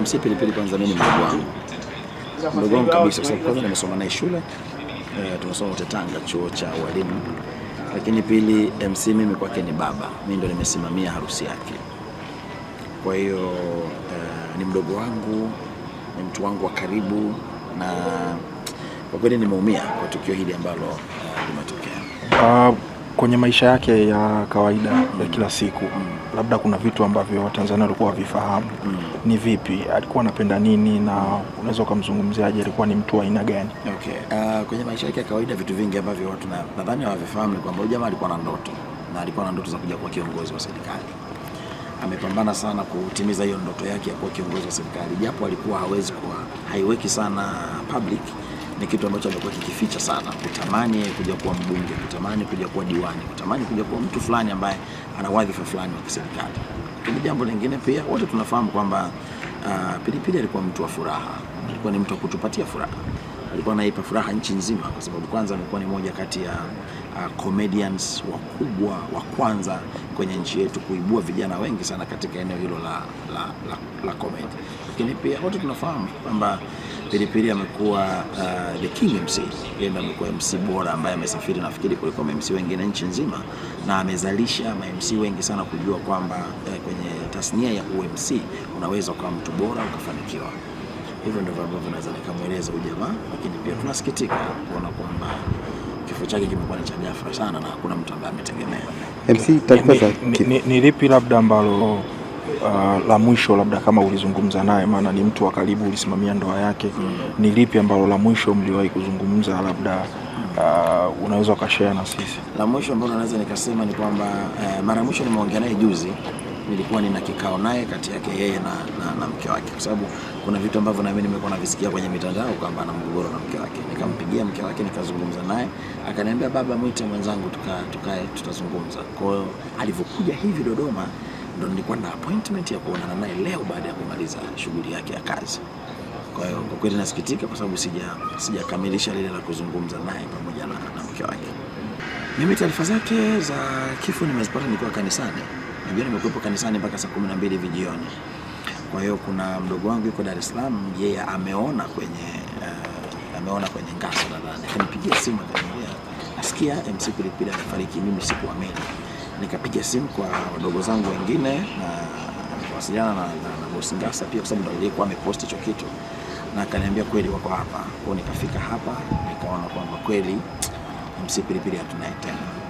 MC Pilipili kwanza mimi ni mdogo wangu. Mdogo wangu kabisa kwa sababu kwanza nimesoma naye shule. E, eh, tumesoma utetanga Tanga chuo cha walimu. Lakini pili MC mimi kwake ni baba. Mimi ndo nimesimamia harusi yake. Kwa hiyo e, ni mdogo wangu, ni mtu wangu wa karibu na kwa kweli nimeumia kwa tukio hili ambalo eh, limetokea. Uh, kwenye maisha yake ya kawaida ya kila siku, labda kuna vitu ambavyo Watanzania walikuwa wavifahamu. Mm. Ni vipi alikuwa anapenda nini, na unaweza ukamzungumziaje? Alikuwa ni mtu wa aina gani? Okay. Uh, kwenye maisha yake ya kawaida vitu vingi ambavyo watu nadhani hawavifahamu ni kwamba jamaa alikuwa na ndoto na alikuwa na ndoto za kuja kuwa kiongozi wa serikali. Amepambana sana kutimiza hiyo ndoto yake ya kuwa kiongozi wa serikali, japo alikuwa hawezi kuwa haiweki sana public ni kitu ambacho amekuwa kikificha sana, kutamani kuja kuwa mbunge, kutamani kuja kuwa diwani, kutamani kuja kuwa mtu fulani ambaye ana wadhifa fulani wa kiserikali. Lakini jambo lingine pia, wote tunafahamu kwamba uh, Pilipili alikuwa mtu wa furaha, alikuwa ni mtu wa kutupatia furaha, alikuwa anaipa furaha nchi nzima, kwa sababu kwanza amekuwa ni moja kati ya uh, comedians wakubwa wa kwanza kwenye nchi yetu kuibua vijana wengi sana katika eneo hilo la, la, la, la comedy. Lakini pia wote tunafahamu kwamba Pilipili amekuwa uh, the king MC. Yeye amekuwa MC bora ambaye amesafiri nafikiri kuliko MC wengine nchi nzima, na amezalisha MC wengi sana kujua kwamba eh, kwenye tasnia ya UMC unaweza kuwa mtu bora ukafanikiwa. Hivyo ndivyo ambavyo naweza nikamweleza huyu jamaa, lakini pia tunasikitika kuona kwamba kifo chake kimekuwa ni cha ghafla sana na hakuna mtu ambaye ametegemea. MC, taarifa za ni lipi labda ambalo uh, la mwisho labda kama ulizungumza naye, maana ni mtu wa karibu, ulisimamia ndoa yake mm. Ni lipi ambalo la mwisho mliwahi kuzungumza labda Uh, unaweza ukashare na sisi. La mwisho ambalo naweza nikasema ni kwamba uh, mara mwisho nimeongea naye juzi, nilikuwa nina kikao naye kati yake yeye na, na, na mke wake, kwa sababu kuna vitu ambavyo mimi nimekuwa navisikia kwenye mitandao kwamba ana mgogoro na mke wake. Nikampigia mke wake nikazungumza naye, akaniambia baba, mwite mwenzangu tukae tutazungumza. Kwa hiyo alivyokuja hivi Dodoma ndo nilikuwa na appointment ya kuonana naye leo baada ya kumaliza shughuli yake ya kazi. Kwa hiyo kwa kweli nasikitika kwa sababu sija sijakamilisha lile la kuzungumza naye pamoja na, na mke wake. Mimi taarifa zake za kifo nimezipata nikiwa kanisani. Najua nimekuwepo kanisani mpaka saa kumi na mbili vijioni. Kwa hiyo kuna mdogo wangu yuko Dar es Salaam, yeye ameona kwenye uh, ameona kwenye ngaso nadhani, akanipigia simu akaniambia nasikia MC Pilipili amefariki, mimi sikuamini nikapiga simu kwa wadogo zangu wengine na kuwasiliana na, na, na bosi Ngasa pia, kwa sababu ndio alikuwa ameposti hicho kitu, na akaniambia kweli wako hapa kwao. Nikafika hapa nikaona kwamba kweli MC Pilipili hatunaye tena.